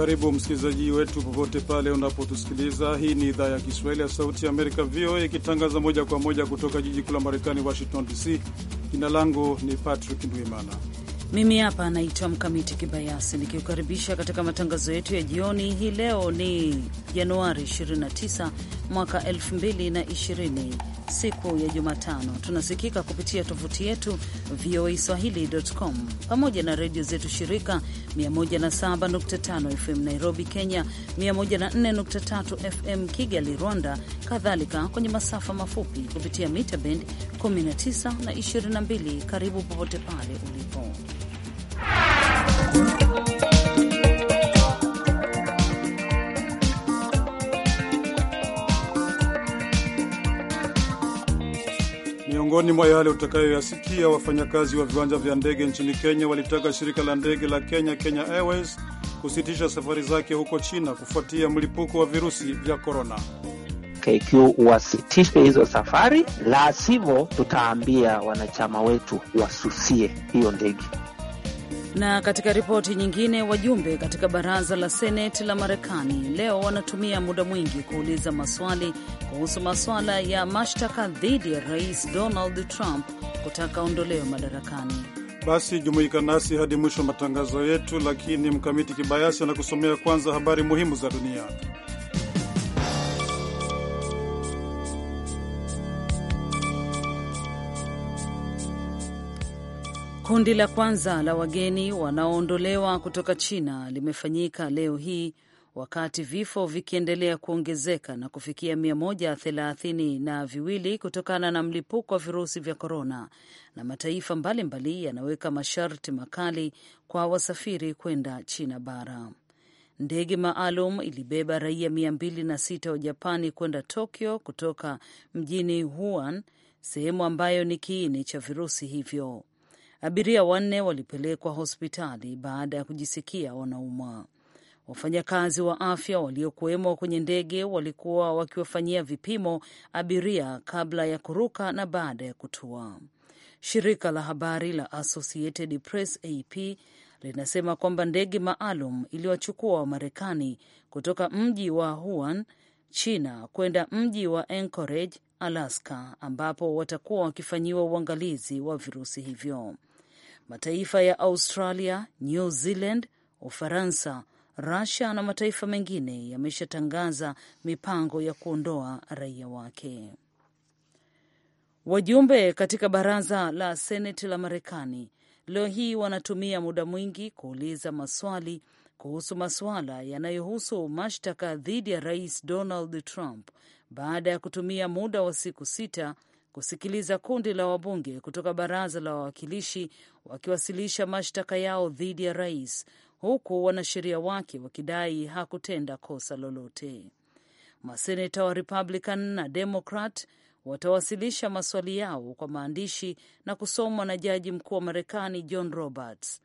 Karibu msikilizaji wetu popote pale unapotusikiliza. Hii ni idhaa ya Kiswahili ya Sauti ya Amerika, VOA, ikitangaza moja kwa moja kutoka jiji kuu la Marekani, Washington DC. Jina langu ni Patrick Ndwimana. Mimi hapa anaitwa Mkamiti Kibayasi nikiukaribisha katika matangazo yetu ya jioni hii. Leo ni Januari 29 mwaka 2020 siku ya Jumatano. Tunasikika kupitia tovuti yetu VOA swahili.com pamoja na redio zetu shirika 107.5 FM Nairobi, Kenya, 104.3 FM Kigali, Rwanda, kadhalika kwenye masafa mafupi kupitia mita bend 19 na 22. Karibu popote pale ulipo. Miongoni mwa yale utakayoyasikia, wafanyakazi wa viwanja vya ndege nchini Kenya walitaka shirika la ndege la Kenya, Kenya Airways, kusitisha safari zake huko China kufuatia mlipuko wa virusi vya korona. KQ wasitishwe hizo safari, la sivyo tutaambia wanachama wetu wasusie hiyo ndege. Na katika ripoti nyingine, wajumbe katika baraza la seneti la Marekani leo wanatumia muda mwingi kuuliza maswali kuhusu maswala ya mashtaka dhidi ya rais Donald Trump kutaka ondolewe madarakani. Basi jumuika nasi hadi mwisho wa matangazo yetu, lakini Mkamiti Kibayasi anakusomea kwanza habari muhimu za dunia. Kundi la kwanza la wageni wanaoondolewa kutoka China limefanyika leo hii wakati vifo vikiendelea kuongezeka na kufikia mia moja thelathini na viwili kutokana na mlipuko wa virusi vya korona, na mataifa mbalimbali yanaweka masharti makali kwa wasafiri kwenda China bara. Ndege maalum ilibeba raia mia mbili na sita wa Japani kwenda Tokyo kutoka mjini Wuhan, sehemu ambayo ni kiini cha virusi hivyo. Abiria wanne walipelekwa hospitali baada ya kujisikia wanaumwa. Wafanyakazi wa afya waliokuwemo kwenye ndege walikuwa wakiwafanyia vipimo abiria kabla ya kuruka na baada ya kutua. Shirika la habari la Associated Press AP linasema kwamba ndege maalum iliwachukua Wamarekani kutoka mji wa Wuhan, China kwenda mji wa Anchorage, Alaska ambapo watakuwa wakifanyiwa uangalizi wa virusi hivyo mataifa ya Australia, New Zealand, Ufaransa, Russia na mataifa mengine yameshatangaza mipango ya kuondoa raia wake. Wajumbe katika baraza la seneti la Marekani leo hii wanatumia muda mwingi kuuliza maswali kuhusu masuala yanayohusu mashtaka dhidi ya rais Donald Trump baada ya kutumia muda wa siku sita kusikiliza kundi la wabunge kutoka baraza la wawakilishi wakiwasilisha mashtaka yao dhidi ya rais, huku wanasheria wake wakidai hakutenda kosa lolote. Maseneta wa Republican na Democrat watawasilisha maswali yao kwa maandishi na kusomwa na jaji mkuu wa Marekani John Roberts.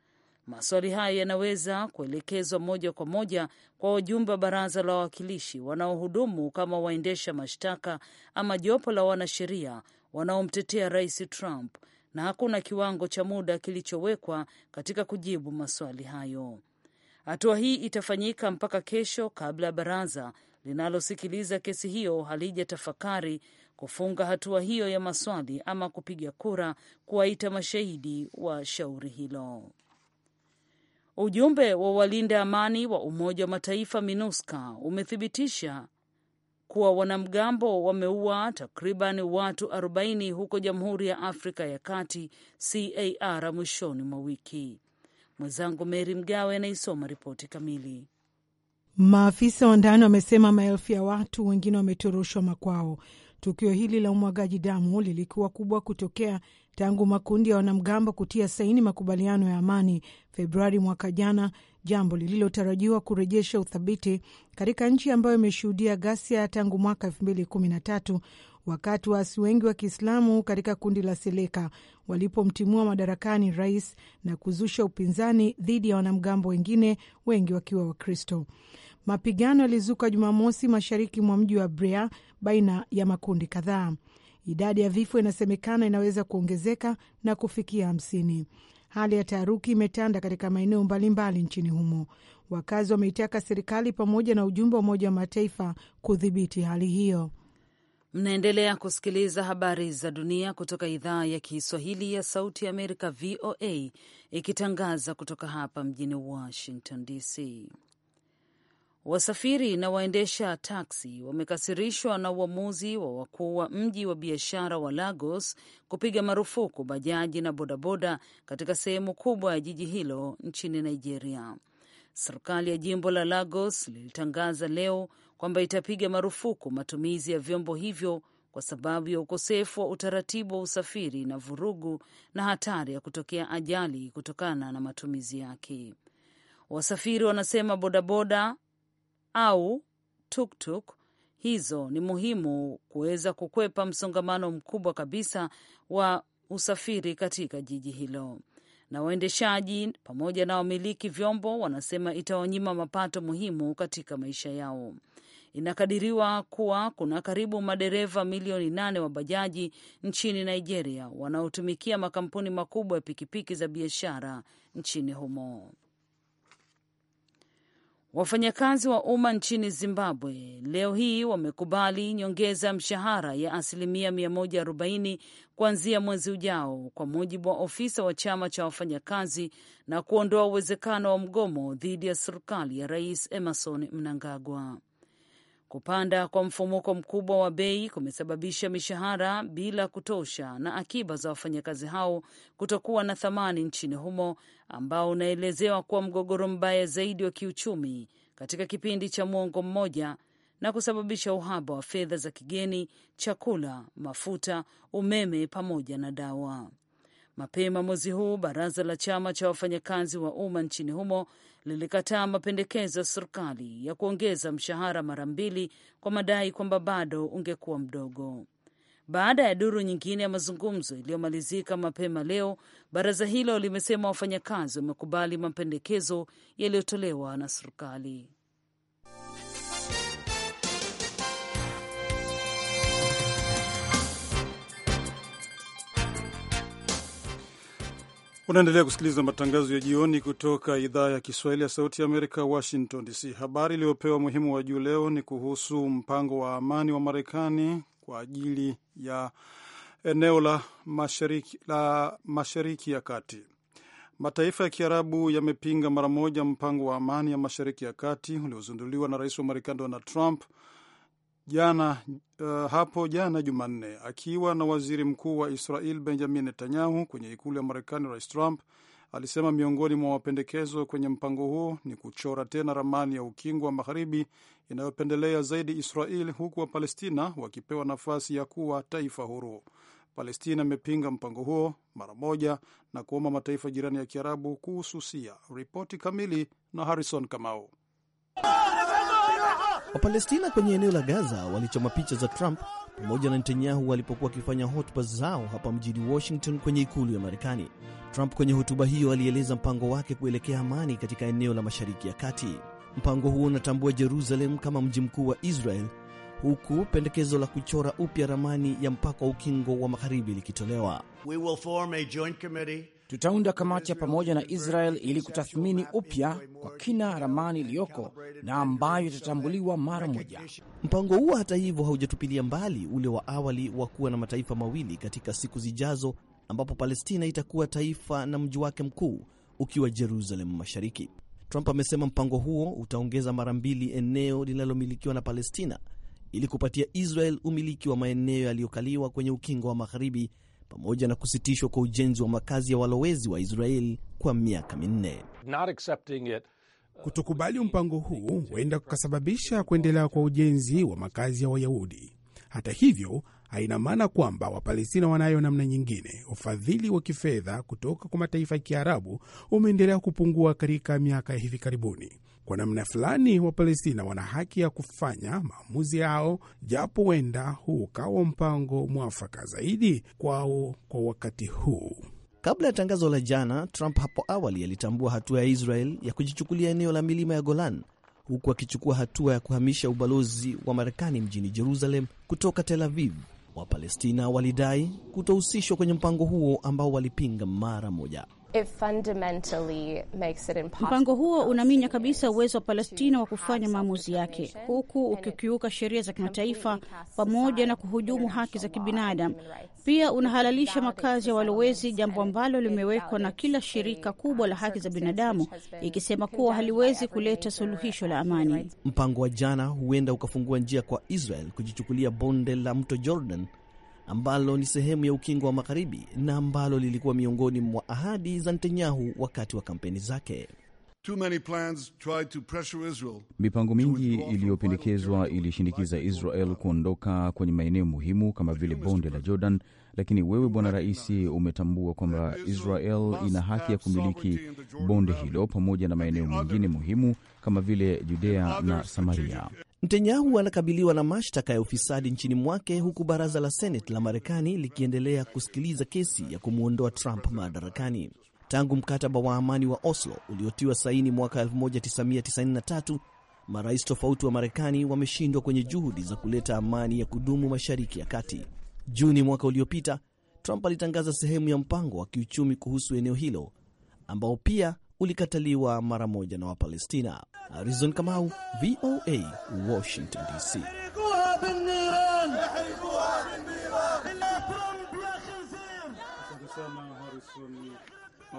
Maswali haya yanaweza kuelekezwa moja kwa moja kwa wajumbe wa baraza la wawakilishi wanaohudumu kama waendesha mashtaka ama jopo la wanasheria wanaomtetea Rais Trump, na hakuna kiwango cha muda kilichowekwa katika kujibu maswali hayo. Hatua hii itafanyika mpaka kesho kabla ya baraza linalosikiliza kesi hiyo halijatafakari kufunga hatua hiyo ya maswali ama kupiga kura kuwaita mashahidi wa shauri hilo. Ujumbe wa walinda amani wa Umoja wa Mataifa MINUSCA umethibitisha kuwa wanamgambo wameua takriban watu 40 huko Jamhuri ya Afrika ya Kati CAR mwishoni mwa wiki. Mwenzangu Meri Mgawe anaisoma ripoti kamili. Maafisa wa ndani wamesema maelfu ya watu wengine wametoroshwa makwao. Tukio hili la umwagaji damu lilikuwa kubwa kutokea tangu makundi ya wanamgambo kutia saini makubaliano ya amani Februari mwaka jana, jambo lililotarajiwa kurejesha uthabiti katika nchi ambayo imeshuhudia ghasia tangu mwaka 2013 wakati waasi wengi wa Kiislamu katika kundi la Seleka walipomtimua madarakani rais na kuzusha upinzani dhidi ya wanamgambo wengine, wengi wakiwa Wakristo. Mapigano yalizuka Jumamosi mashariki mwa mji wa Brea baina ya makundi kadhaa. Idadi ya vifo inasemekana inaweza kuongezeka na kufikia hamsini. Hali ya taharuki imetanda katika maeneo mbalimbali nchini humo. Wakazi wameitaka serikali pamoja na ujumbe wa Umoja wa Mataifa kudhibiti hali hiyo. Mnaendelea kusikiliza habari za dunia kutoka idhaa ya Kiswahili ya Sauti ya Amerika, VOA, ikitangaza kutoka hapa mjini Washington DC. Wasafiri na waendesha taksi wamekasirishwa na uamuzi wa wakuu wa mji wa biashara wa Lagos kupiga marufuku bajaji na bodaboda katika sehemu kubwa ya jiji hilo nchini Nigeria. Serikali ya jimbo la Lagos lilitangaza leo kwamba itapiga marufuku matumizi ya vyombo hivyo kwa sababu ya ukosefu wa utaratibu wa usafiri na vurugu na hatari ya kutokea ajali kutokana na matumizi yake. Wasafiri wanasema bodaboda au tuktuk -tuk, hizo ni muhimu kuweza kukwepa msongamano mkubwa kabisa wa usafiri katika jiji hilo. Na waendeshaji pamoja na wamiliki vyombo wanasema itawanyima mapato muhimu katika maisha yao. Inakadiriwa kuwa kuna karibu madereva milioni nane wa bajaji nchini Nigeria wanaotumikia makampuni makubwa ya pikipiki za biashara nchini humo. Wafanyakazi wa umma nchini Zimbabwe leo hii wamekubali nyongeza ya mshahara ya asilimia 140 kuanzia mwezi ujao, kwa mujibu wa ofisa wa chama cha wafanyakazi, na kuondoa uwezekano wa mgomo dhidi ya serikali ya Rais Emerson Mnangagwa. Kupanda kwa mfumuko mkubwa wa bei kumesababisha mishahara bila kutosha na akiba za wafanyakazi hao kutokuwa na thamani nchini humo, ambao unaelezewa kuwa mgogoro mbaya zaidi wa kiuchumi katika kipindi cha mwongo mmoja na kusababisha uhaba wa fedha za kigeni, chakula, mafuta, umeme pamoja na dawa. Mapema mwezi huu baraza la chama cha wafanyakazi wa umma nchini humo lilikataa mapendekezo ya serikali ya kuongeza mshahara mara mbili kwa madai kwamba bado ungekuwa mdogo. Baada ya duru nyingine ya mazungumzo iliyomalizika mapema leo, baraza hilo limesema wafanyakazi wamekubali mapendekezo yaliyotolewa na serikali. Unaendelea kusikiliza matangazo ya jioni kutoka idhaa ya Kiswahili ya Sauti ya Amerika, Washington DC. Habari iliyopewa umuhimu wa juu leo ni kuhusu mpango wa amani wa Marekani kwa ajili ya eneo la mashariki, la mashariki ya kati. Mataifa ya Kiarabu yamepinga mara moja mpango wa amani ya mashariki ya kati uliozinduliwa na rais wa Marekani Donald Trump jana, uh, hapo jana Jumanne akiwa na waziri mkuu wa Israel Benjamin Netanyahu kwenye ikulu ya Marekani, Rais Trump alisema miongoni mwa mapendekezo kwenye mpango huo ni kuchora tena ramani ya ukingo wa magharibi inayopendelea zaidi Israel, huku Wapalestina wakipewa nafasi ya kuwa taifa huru. Palestina imepinga mpango huo mara moja na kuomba mataifa jirani ya Kiarabu kuhususia. Ripoti kamili na Harrison Kamau. Wapalestina kwenye eneo la Gaza walichoma picha za Trump pamoja na Netanyahu walipokuwa wakifanya hotuba zao hapa mjini Washington kwenye ikulu ya Marekani. Trump kwenye hotuba hiyo alieleza mpango wake kuelekea amani katika eneo la Mashariki ya Kati. Mpango huo unatambua Jerusalem kama mji mkuu wa Israel, huku pendekezo la kuchora upya ramani ya mpaka wa ukingo wa magharibi likitolewa. We will form a joint committee Tutaunda kamati ya pamoja na Israel ili kutathmini upya kwa kina ramani iliyoko na ambayo itatambuliwa mara moja. Mpango huo hata hivyo haujatupilia mbali ule wa awali wa kuwa na mataifa mawili katika siku zijazo, ambapo Palestina itakuwa taifa na mji wake mkuu ukiwa Jerusalemu Mashariki. Trump amesema mpango huo utaongeza mara mbili eneo linalomilikiwa na Palestina ili kupatia Israel umiliki wa maeneo yaliyokaliwa kwenye ukingo wa magharibi pamoja na kusitishwa kwa ujenzi wa makazi ya walowezi wa Israeli kwa miaka minne. Uh, Kutokubali mpango huu huenda kukasababisha kuendelea kwa ujenzi wa makazi ya Wayahudi. Hata hivyo, haina maana kwamba Wapalestina wanayo namna nyingine. Ufadhili wa kifedha kutoka kwa mataifa ya Kiarabu umeendelea kupungua katika miaka ya hivi karibuni. Kwa namna fulani, Wapalestina wana haki ya kufanya maamuzi yao, japo huenda huu ukawa mpango mwafaka zaidi kwao kwa wakati huu. Kabla ya tangazo la jana, Trump hapo awali alitambua hatua ya Israel ya kujichukulia eneo la milima ya Golan, huku akichukua hatua ya kuhamisha ubalozi wa Marekani mjini Jerusalem kutoka Tel Aviv. Wapalestina walidai kutohusishwa kwenye mpango huo ambao walipinga mara moja. Mpango huo unaminya kabisa uwezo wa Palestina wa kufanya maamuzi yake huku ukikiuka sheria za kimataifa pamoja na kuhujumu haki za kibinadamu. Pia unahalalisha makazi ya walowezi, jambo ambalo limewekwa na kila shirika um, kubwa la haki za binadamu ikisema kuwa haliwezi kuleta suluhisho la amani. Mpango wa jana huenda ukafungua njia kwa Israel kujichukulia bonde la mto Jordan ambalo ni sehemu ya ukingo wa magharibi na ambalo lilikuwa miongoni mwa ahadi za Netanyahu wakati wa kampeni zake. Mipango mingi iliyopendekezwa ilishinikiza Israel kuondoka kwenye maeneo muhimu kama vile bonde la Jordan lakini wewe bwana rais, umetambua kwamba Israel ina haki ya kumiliki bonde hilo pamoja na maeneo mengine muhimu kama vile Judea na Samaria. Netanyahu anakabiliwa na mashtaka ya ufisadi nchini mwake huku baraza la Seneti la Marekani likiendelea kusikiliza kesi ya kumwondoa Trump madarakani. Tangu mkataba wa amani wa Oslo uliotiwa saini mwaka 1993, marais tofauti wa Marekani wameshindwa kwenye juhudi za kuleta amani ya kudumu Mashariki ya Kati. Juni mwaka uliopita, Trump alitangaza sehemu ya mpango wa kiuchumi kuhusu eneo hilo ambao pia ulikataliwa mara moja na Wapalestina. Arizon Kamau, VOA, Washington DC.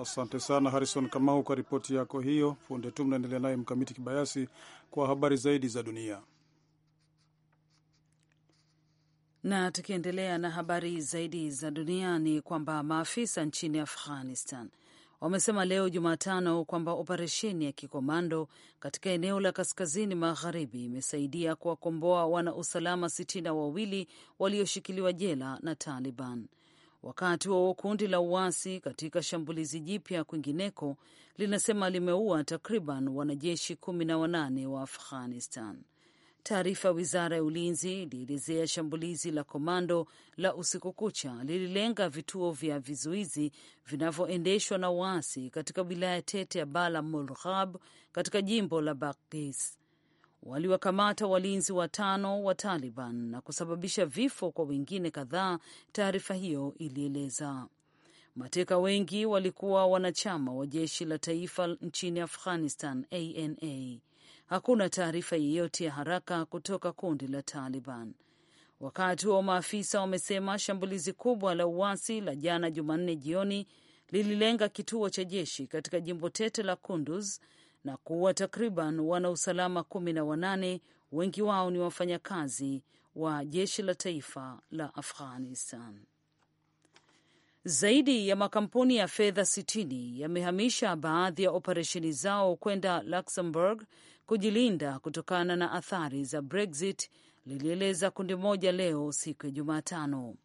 Asante sana Harison Kamau kwa ripoti yako hiyo. Punde tu mnaendelea naye Mkamiti Kibayasi kwa habari zaidi za dunia. Na tukiendelea na habari zaidi za dunia ni kwamba maafisa nchini Afghanistan wamesema leo Jumatano kwamba operesheni ya kikomando katika eneo la kaskazini magharibi imesaidia kuwakomboa wanausalama sitini na wawili walioshikiliwa jela na Taliban. Wakati wa kundi la uasi katika shambulizi jipya kwingineko linasema limeua takriban wanajeshi kumi na wanane wa Afghanistan. Taarifa ya wizara ya ulinzi ilielezea shambulizi la komando la usiku kucha lililenga vituo vya vizuizi vinavyoendeshwa na waasi katika wilaya tete ya Bala Mulghab katika jimbo la Bakis. Waliwakamata walinzi watano wa Taliban na kusababisha vifo kwa wengine kadhaa, taarifa hiyo ilieleza. Mateka wengi walikuwa wanachama wa jeshi la taifa nchini Afghanistan, ANA hakuna taarifa yeyote ya haraka kutoka kundi la Taliban. Wakati huo maafisa wamesema shambulizi kubwa la uasi la jana Jumanne jioni lililenga kituo cha jeshi katika jimbo tete la Kunduz na kuua takriban wanausalama kumi na wanane, wengi wao ni wafanyakazi wa jeshi la taifa la Afghanistan. Zaidi ya makampuni ya fedha 60 yamehamisha baadhi ya operesheni zao kwenda Luxembourg kujilinda kutokana na athari za Brexit, lilieleza kundi moja leo siku ya Jumatano,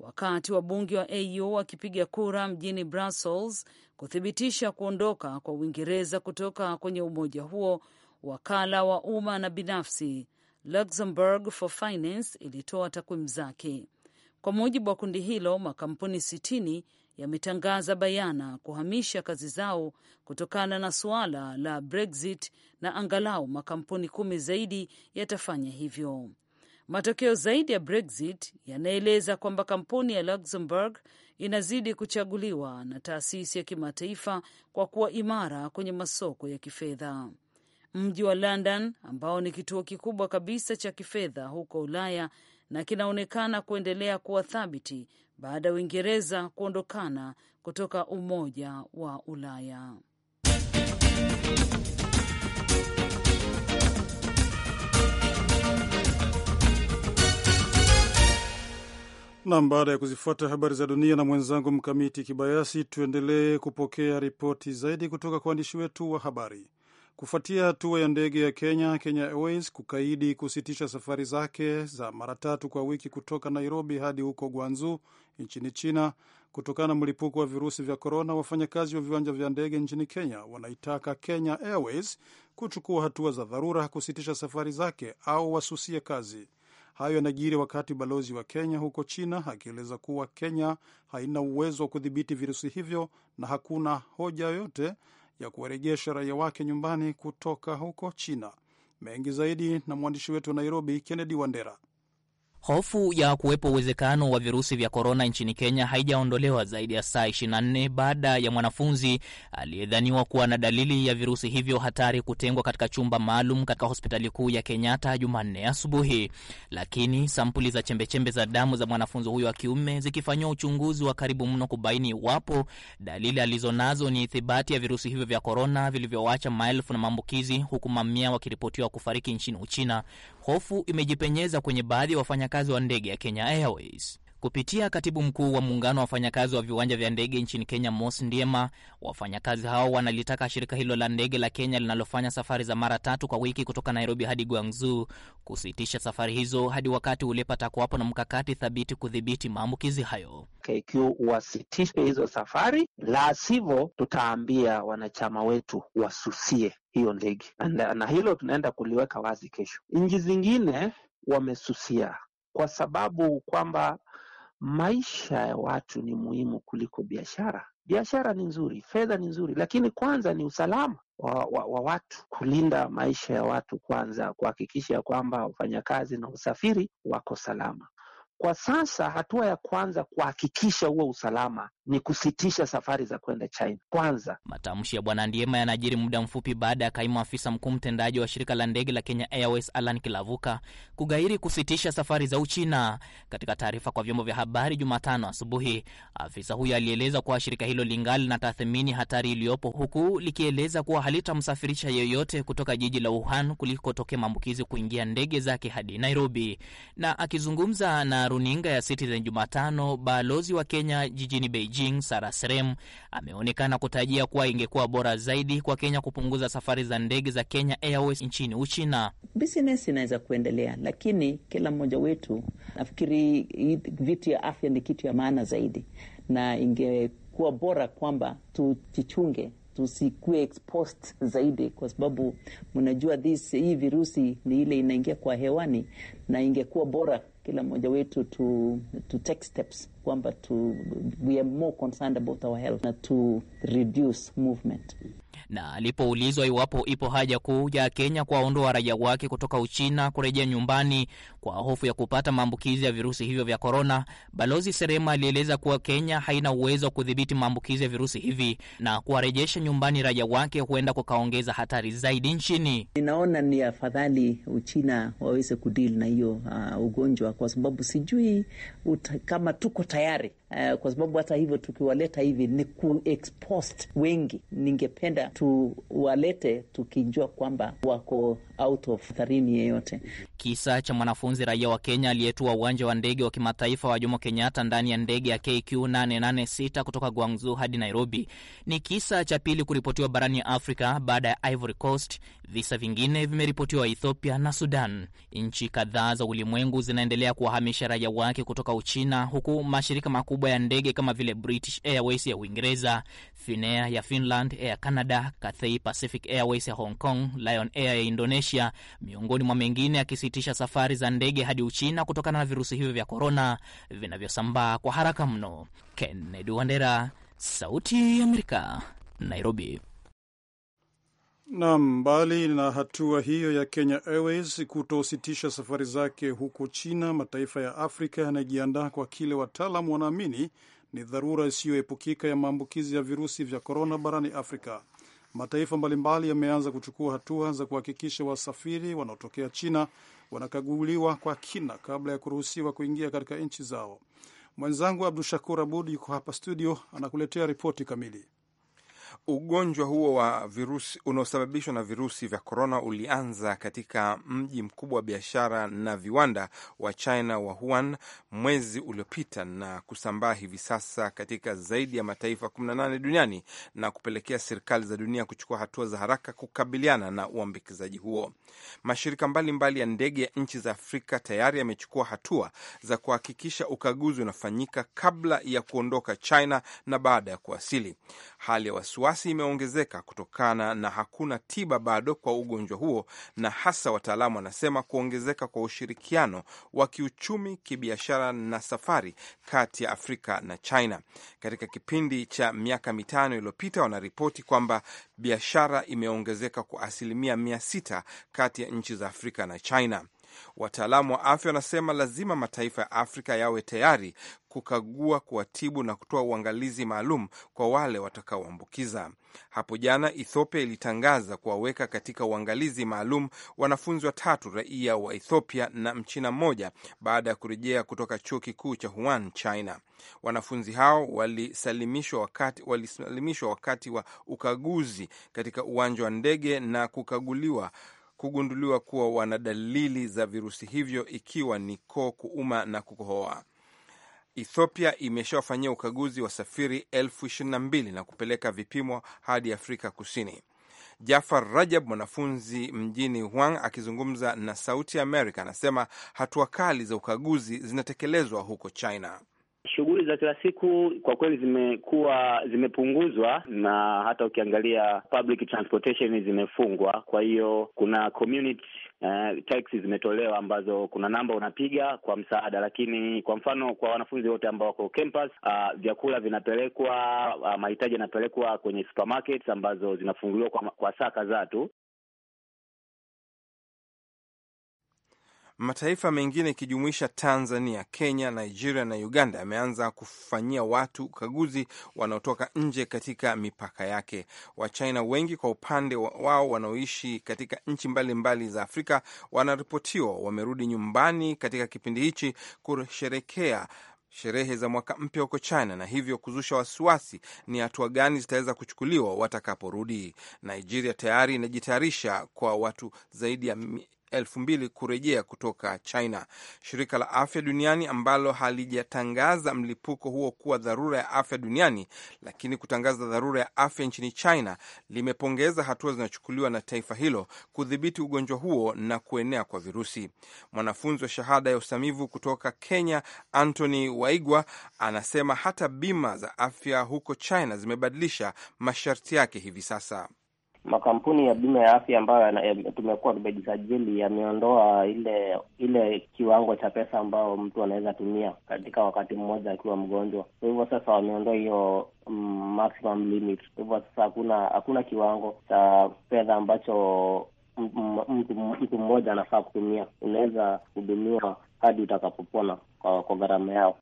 wakati wabunge wa AU wakipiga kura mjini Brussels kuthibitisha kuondoka kwa Uingereza kutoka kwenye umoja huo, wakala wa umma na binafsi Luxembourg for Finance ilitoa takwimu zake. Kwa mujibu wa kundi hilo, makampuni sitini yametangaza bayana kuhamisha kazi zao kutokana na suala la Brexit na angalau makampuni kumi zaidi yatafanya hivyo. Matokeo zaidi ya Brexit yanaeleza kwamba kampuni ya Luxembourg inazidi kuchaguliwa na taasisi ya kimataifa kwa kuwa imara kwenye masoko ya kifedha. Mji wa London ambao ni kituo kikubwa kabisa cha kifedha huko Ulaya na kinaonekana kuendelea kuwa thabiti baada ya Uingereza kuondokana kutoka Umoja wa Ulaya. Nam, baada ya kuzifuata habari za dunia na mwenzangu Mkamiti Kibayasi, tuendelee kupokea ripoti zaidi kutoka kwa waandishi wetu wa habari kufuatia hatua ya ndege ya Kenya, Kenya Airways, kukaidi kusitisha safari zake za mara tatu kwa wiki kutoka Nairobi hadi huko Guangzhou nchini China kutokana na mlipuko wa virusi vya korona. Wafanyakazi wa viwanja vya ndege nchini Kenya wanaitaka Kenya Airways kuchukua hatua za dharura kusitisha safari zake au wasusie kazi. Hayo yanajiri wakati balozi wa Kenya huko China akieleza kuwa Kenya haina uwezo wa kudhibiti virusi hivyo na hakuna hoja yoyote ya kuwarejesha raia wake nyumbani kutoka huko China. Mengi zaidi na mwandishi wetu wa Nairobi, Kennedy Wandera. Hofu ya kuwepo uwezekano wa virusi vya korona nchini Kenya haijaondolewa zaidi ya saa 24 baada ya mwanafunzi aliyedhaniwa kuwa na dalili ya virusi hivyo hatari kutengwa katika chumba maalum katika hospitali kuu ya Kenyatta Jumanne asubuhi, lakini sampuli za chembechembe za damu za mwanafunzi huyo wa kiume zikifanyiwa uchunguzi wa karibu mno kubaini iwapo dalili alizonazo ni ithibati ya virusi hivyo vya korona vilivyowacha maelfu na maambukizi, huku mamia wakiripotiwa kufariki nchini Uchina. Hofu imejipenyeza kwenye baadhi ya wafanyakazi wafanyakazi wa ndege ya Kenya Airways. Kupitia katibu mkuu wa muungano wa wafanyakazi wa viwanja vya ndege nchini Kenya, Mos Ndiema, wafanyakazi hao wanalitaka shirika hilo la ndege la Kenya linalofanya safari za mara tatu kwa wiki kutoka Nairobi hadi Guangzhou kusitisha safari hizo hadi wakati ule kuwapo na mkakati thabiti kudhibiti maambukizi hayo. KQ wasitishe hizo safari, la sivyo tutaambia wanachama wetu wasusie hiyo ndege, na hilo tunaenda kuliweka wazi kesho. Nchi zingine wamesusia kwa sababu kwamba maisha ya watu ni muhimu kuliko biashara. Biashara ni nzuri, fedha ni nzuri, lakini kwanza ni usalama wa, wa, wa watu, kulinda maisha ya watu kwanza, kuhakikisha kwamba wafanyakazi na usafiri wako salama. Kwa sasa hatua ya kwanza kuhakikisha huo usalama ni kusitisha safari za kwenda China kwanza. Matamshi ya bwana Ndiema yanajiri muda mfupi baada ya kaimu afisa mkuu mtendaji wa shirika la ndege la Kenya Airways Alan Kilavuka kugairi kusitisha safari za Uchina. Katika taarifa kwa vyombo vya habari Jumatano asubuhi, afisa huyo alieleza kuwa shirika hilo lingali na tathmini hatari iliyopo, huku likieleza kuwa halitamsafirisha yeyote kutoka jiji la Wuhan kulikotokea maambukizi kuingia ndege zake hadi Nairobi. Na akizungumza na runinga ya Citizen Jumatano, balozi wa Kenya jijini Beijing Beijing Sara Srem ameonekana kutajia kuwa ingekuwa bora zaidi kwa Kenya kupunguza safari za ndege za Kenya Airways nchini Uchina. Business inaweza kuendelea, lakini kila mmoja wetu nafikiri vitu ya afya ni kitu ya maana zaidi, na ingekuwa bora kwamba tujichunge tusikue exposed zaidi, kwa sababu mnajua this hii virusi ni ile inaingia kwa hewani, na ingekuwa bora kila mmoja wetu to, to take steps kwamba to, we are more concerned about our health na to reduce movement na alipoulizwa iwapo ipo haja kuu ya Kenya kuwaondoa raia wake kutoka Uchina kurejea nyumbani kwa hofu ya kupata maambukizi ya virusi hivyo vya korona, Balozi Serema alieleza kuwa Kenya haina uwezo wa kudhibiti maambukizi ya virusi hivi na kuwarejesha nyumbani raia wake huenda kukaongeza hatari zaidi nchini. Ninaona ni afadhali Uchina waweze kudili na hiyo uh, ugonjwa kwa sababu sijui uta, kama tuko tayari Eh, kwa sababu hata hivyo tukiwaleta hivi ni ku-expose wengi. Ningependa tuwalete tukijua kwamba wako out of tarini yeyote kisa cha mwanafunzi raia wa Kenya aliyetua uwanja wa ndege wa kimataifa wa Jomo Kenyatta ndani ya ndege ya KQ886 kutoka Guangzhou hadi Nairobi. Ni kisa cha pili kuripotiwa barani ya Afrika baada ya Ivory Coast. Visa vingine vimeripotiwa Ethiopia na Sudan. Nchi kadhaa za ulimwengu zinaendelea kuwahamisha raia wake kutoka Uchina, huku mashirika makubwa ya ndege kama vile British Airways ya Uingereza, Finnair ya Finland, Air Canada, Cathay Pacific Airways ya Hong Kong, Lion Air ya Indonesia, miongoni mwa mengine, akisitisha safari za ndege hadi Uchina kutokana na virusi hivyo vya korona vinavyosambaa kwa haraka mno. Kennedy Wandera, Sauti ya Amerika, Nairobi. Nam, mbali na hatua hiyo ya Kenya Airways kutositisha safari zake huko China, mataifa ya Afrika yanajiandaa kwa kile wataalam wanaamini ni dharura isiyoepukika ya maambukizi ya virusi vya korona barani Afrika. Mataifa mbalimbali yameanza kuchukua hatua za kuhakikisha wasafiri wanaotokea China wanakaguliwa kwa kina kabla ya kuruhusiwa kuingia katika nchi zao. Mwenzangu Abdu Shakur Abud yuko hapa studio, anakuletea ripoti kamili. Ugonjwa huo wa virusi unaosababishwa na virusi vya korona ulianza katika mji mkubwa wa biashara na viwanda wa China wa Wuhan mwezi uliopita na kusambaa hivi sasa katika zaidi ya mataifa 18 duniani na kupelekea serikali za dunia kuchukua hatua za haraka kukabiliana na uambukizaji huo. Mashirika mbalimbali mbali ya ndege ya nchi za Afrika tayari yamechukua hatua za kuhakikisha ukaguzi unafanyika kabla ya kuondoka China na baada ya kuwasili. Hali ya wasiwasi wasiwasi imeongezeka kutokana na hakuna tiba bado kwa ugonjwa huo, na hasa wataalamu wanasema kuongezeka kwa ushirikiano wa kiuchumi, kibiashara na safari kati ya Afrika na China. Katika kipindi cha miaka mitano iliyopita, wanaripoti kwamba biashara imeongezeka kwa asilimia mia sita kati ya nchi za Afrika na China. Wataalamu wa afya wanasema lazima mataifa ya Afrika yawe tayari kukagua, kuwatibu na kutoa uangalizi maalum kwa wale watakaoambukiza. Hapo jana Ethiopia ilitangaza kuwaweka katika uangalizi maalum wanafunzi watatu raia wa Ethiopia na mchina mmoja baada ya kurejea kutoka chuo kikuu cha Wuhan, China. Wanafunzi hao walisalimishwa wakati, walisalimishwa wakati wa ukaguzi katika uwanja wa ndege na kukaguliwa kugunduliwa kuwa wana dalili za virusi hivyo, ikiwa ni koo kuuma na kukohoa. Ethiopia imeshawafanyia ukaguzi wasafiri elfu ishirini na mbili na kupeleka vipimo hadi Afrika Kusini. Jafar Rajab, mwanafunzi mjini Huang, akizungumza na Sauti ya Amerika, anasema hatua kali za ukaguzi zinatekelezwa huko China. Shughuli za kila siku kwa kweli zimekuwa zimepunguzwa, na hata ukiangalia public transportation zimefungwa. Kwa hiyo kuna community uh, taxi zimetolewa ambazo kuna namba unapiga kwa msaada, lakini kwa mfano kwa wanafunzi wote ambao wako campus uh, vyakula vinapelekwa uh, mahitaji yanapelekwa kwenye supermarkets ambazo zinafunguliwa kwa, kwa saa kadhaa tu. Mataifa mengine ikijumuisha Tanzania, Kenya, Nigeria na Uganda yameanza kufanyia watu ukaguzi wanaotoka nje katika mipaka yake. Wachina wengi kwa upande wao wanaoishi katika nchi mbalimbali za Afrika wanaripotiwa wamerudi nyumbani katika kipindi hichi kusherekea sherehe za mwaka mpya huko China na hivyo kuzusha wasiwasi ni hatua gani zitaweza kuchukuliwa watakaporudi. Nigeria tayari inajitayarisha kwa watu zaidi ya elfu mbili kurejea kutoka China. Shirika la Afya Duniani ambalo halijatangaza mlipuko huo kuwa dharura ya afya duniani, lakini kutangaza dharura ya afya nchini China limepongeza hatua zinachukuliwa na taifa hilo kudhibiti ugonjwa huo na kuenea kwa virusi. Mwanafunzi wa shahada ya usamivu kutoka Kenya, Anthony Waigwa, anasema hata bima za afya huko China zimebadilisha masharti yake hivi sasa makampuni ya bima ya afya ambayo tumekuwa tumejisajili yameondoa ile ile kiwango cha pesa ambayo mtu anaweza tumia katika wakati mmoja akiwa mgonjwa. Kwa hivyo sasa wameondoa hiyo mm, maximum limit. Kwa hivyo sasa hakuna hakuna kiwango cha fedha ambacho mtu mmoja anafaa kutumia. Unaweza hudumiwa hadi utakapopona kwa, kwa gharama yao.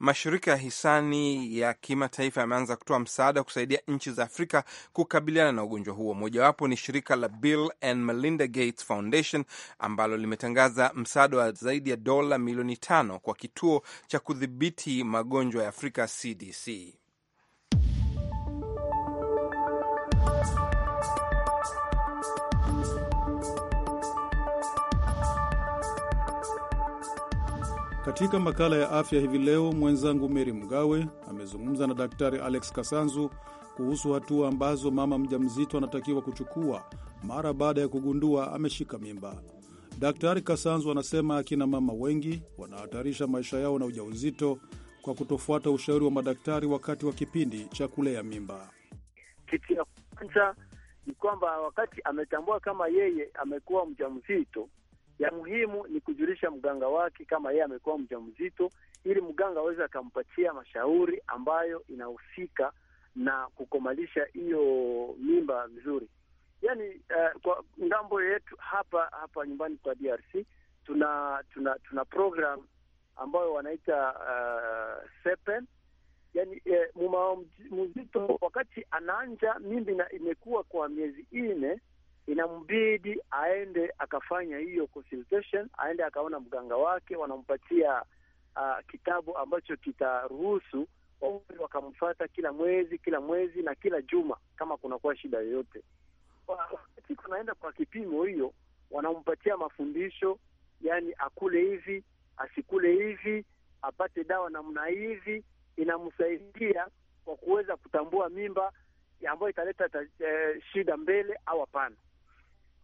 Mashirika ya hisani ya kimataifa yameanza kutoa msaada kusaidia nchi za Afrika kukabiliana na ugonjwa huo. Mojawapo ni shirika la Bill and Melinda Gates Foundation ambalo limetangaza msaada wa zaidi ya dola milioni tano kwa kituo cha kudhibiti magonjwa ya Afrika, CDC. Katika makala ya afya hivi leo, mwenzangu Meri Mgawe amezungumza na Daktari Alex Kasanzu kuhusu hatua ambazo mama mjamzito anatakiwa kuchukua mara baada ya kugundua ameshika mimba. Daktari Kasanzu anasema akina mama wengi wanahatarisha maisha yao na ujauzito kwa kutofuata ushauri wa madaktari wakati wa kipindi cha kulea mimba. Kitu ya kwanza ni kwamba wakati ametambua kama yeye amekuwa mjamzito, ya muhimu ni kumjulisha mganga wake kama yeye amekuwa mjamzito, ili mganga aweze akampatia mashauri ambayo inahusika na kukomalisha hiyo mimba mzuri. Yani uh, eh, kwa ngambo yetu hapa hapa nyumbani kwa DRC tuna tuna tuna program ambayo wanaita uh, sepen yani eh, mzito wakati anaanja mimbi na imekuwa kwa miezi ine inambidi aende akafanya hiyo consultation, aende akaona mganga wake, wanampatia uh, kitabu ambacho kitaruhusu waweze wakamfata kila mwezi kila mwezi na kila juma, kama kunakuwa shida yoyote. Wakati kunaenda kwa kipimo hiyo, wanampatia mafundisho, yani akule hivi asikule hivi, apate dawa namna hivi, inamsaidia kwa kuweza kutambua mimba ambayo italeta ta, eh, shida mbele au hapana.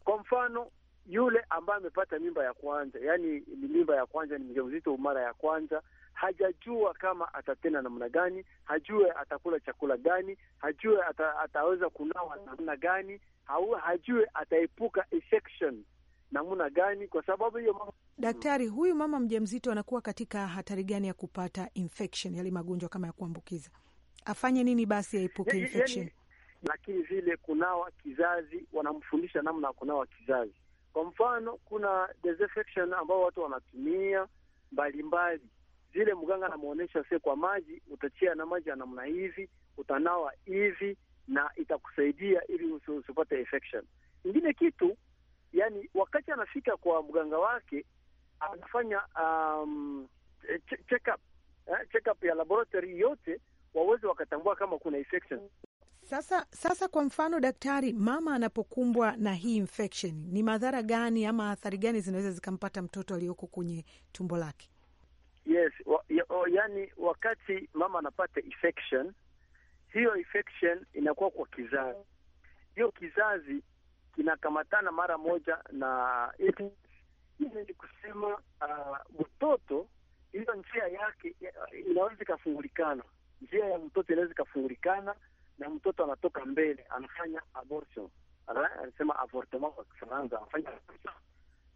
Kwa mfano yule ambaye amepata mimba ya kwanza, yaani mimba ya kwanza ni mjamzito mara ya kwanza, hajajua kama atatenda namna gani, hajue atakula chakula gani, hajue ata, ataweza kunawa namna gani, hajue ataepuka infection namna gani, kwa sababu hiyo mama... Daktari, huyu mama mjamzito anakuwa katika hatari gani ya kupata infection, yale magonjwa kama ya kuambukiza? Afanye nini basi aepuke infection? lakini vile kunawa kizazi, wanamfundisha namna ya kunawa kizazi. Kwa mfano, kuna disinfection ambao watu wanatumia mbalimbali zile mganga anamwonyesha sie, kwa maji utachia na maji ya namna hivi, utanawa hivi na itakusaidia ili usipate infection. Ingine kitu yani, wakati anafika kwa mganga wake anafanya um, check up, eh, check up ya laboratory yote waweze wakatambua kama kuna infection. Sasa, sasa kwa mfano daktari, mama anapokumbwa na hii infection, ni madhara gani ama athari gani zinaweza zikampata mtoto aliyoko kwenye tumbo lake? Yes, wa, ya, o, yani wakati mama anapata infection, hiyo infection inakuwa kwa kizazi. Hiyo kizazi kinakamatana mara moja na hivi ni kusema uh, mtoto hiyo njia yake inaweza ikafungulikana, njia ya mtoto inaweza ikafungulikana na mtoto anatoka mbele anafanya abortion, anasema avortement kwa Kifaransa, anafanya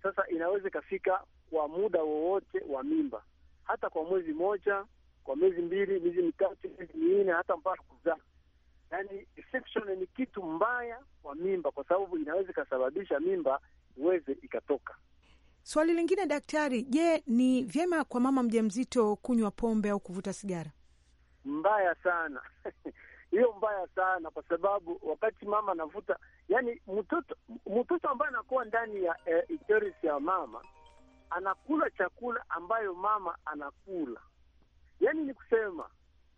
sasa. Inaweza ikafika kwa muda wowote wa mimba, hata kwa mwezi moja, kwa miezi mbili, miezi mitatu, miezi minne, hata mpaka kuzaa. Yani section ni kitu mbaya kwa mimba, kwa sababu inaweza ikasababisha mimba iweze ikatoka. Swali lingine daktari, je, ni vyema kwa mama mjamzito kunywa pombe au kuvuta sigara? Mbaya sana hiyo mbaya sana, kwa sababu wakati mama anavuta, yani mtoto mtoto ambaye anakuwa ndani ya eh, ya mama anakula chakula ambayo mama anakula, yani ni kusema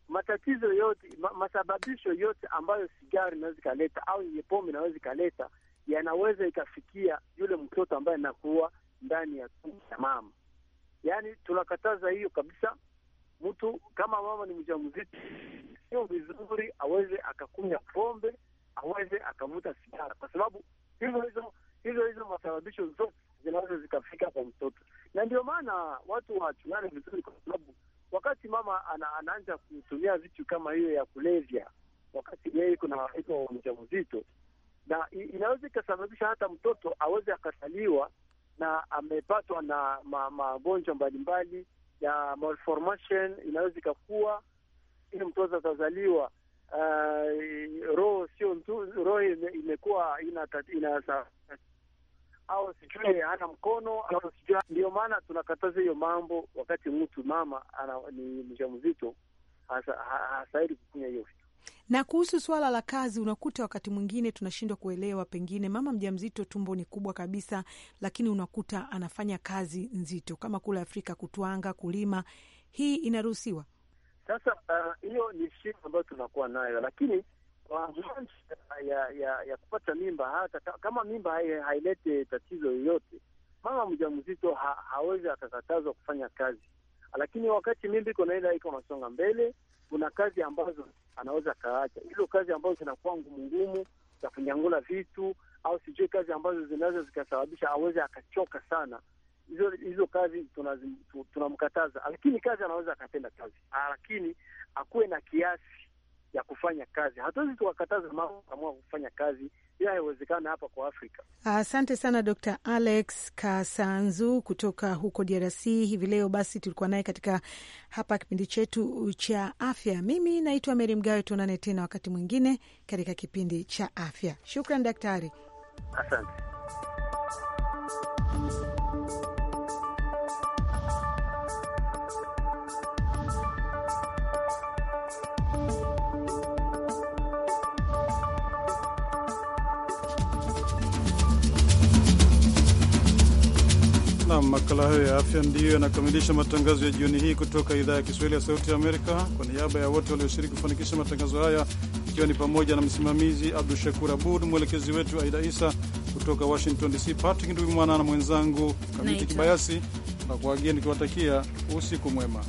matatizo yote ma, masababisho yote ambayo sigari inaweza ikaleta au yenye pombe inaweza ikaleta yanaweza ikafikia yule mtoto ambaye anakuwa ndani ya tumbo ya mama. Yani tunakataza hiyo kabisa, mtu kama mama ni mjamzito, sio vizuri aweze akakunywa pombe, aweze akavuta sigara, kwa sababu hizo hizo hizo hizo masababisho zote zinaweza zikafika kwa mtoto, na ndio maana watu wachungane vizuri, kwa sababu wakati mama ana, anaanza kutumia vitu kama hiyo ya kulevya, wakati yeye kuna iko mzito na inaweza ikasababisha hata mtoto aweze akataliwa na amepatwa na magonjwa mbalimbali ya malformation inaweza ikakuwa ili mtoto atazaliwa uh, roho sio roho imekuwa ina au sijui hana mkono au sijui. Ndio maana tunakataza hiyo mambo. Wakati mtu mama ana, ni mjamzito hasaidi kufanya hiyo vitu. Na kuhusu swala la kazi, unakuta wakati mwingine tunashindwa kuelewa, pengine mama mjamzito tumbo ni kubwa kabisa, lakini unakuta anafanya kazi nzito kama kule Afrika, kutwanga, kulima. Hii inaruhusiwa? Sasa uh, hiyo uh, ni shimu ambayo tunakuwa nayo, lakini maamuzi ya, ya, ya kupata mimba, hata kama mimba hailete tatizo yoyote, mama mjamzito ha, hawezi akakatazwa kufanya kazi lakini wakati mimi iko naenda iko nasonga mbele, kuna kazi ambazo anaweza akaacha hilo kazi ambazo zinakuwa ngumu ngumu za kunyangula vitu au sijui kazi ambazo zinaweza zikasababisha aweze akachoka sana, hizo hizo kazi tunamkataza, lakini kazi anaweza akatenda kazi, lakini akuwe na kiasi ya kufanya kazi. Hatuwezi tukakataza mama kuamua kufanya kazi, ila haiwezekana hapa kwa Afrika. Asante sana Dr. Alex Kasanzu kutoka huko DRC hivi leo. Basi tulikuwa naye katika hapa kipindi chetu cha afya. Mimi naitwa Meri Mgawe, tuonane tena wakati mwingine katika kipindi cha afya. Shukran daktari, asante. makala hayo ya afya ndiyo yanakamilisha matangazo ya jioni hii kutoka idhaa ya Kiswahili ya Sauti ya Amerika. Kwa niaba ya wote walioshiriki kufanikisha matangazo haya, ikiwa ni pamoja na msimamizi Abdu Shakur Abud, mwelekezi wetu Aida Isa kutoka Washington DC, Patrick Nduvimwana na mwenzangu Kamiti Kibayasi na kwa wageni, nikiwatakia usiku mwema.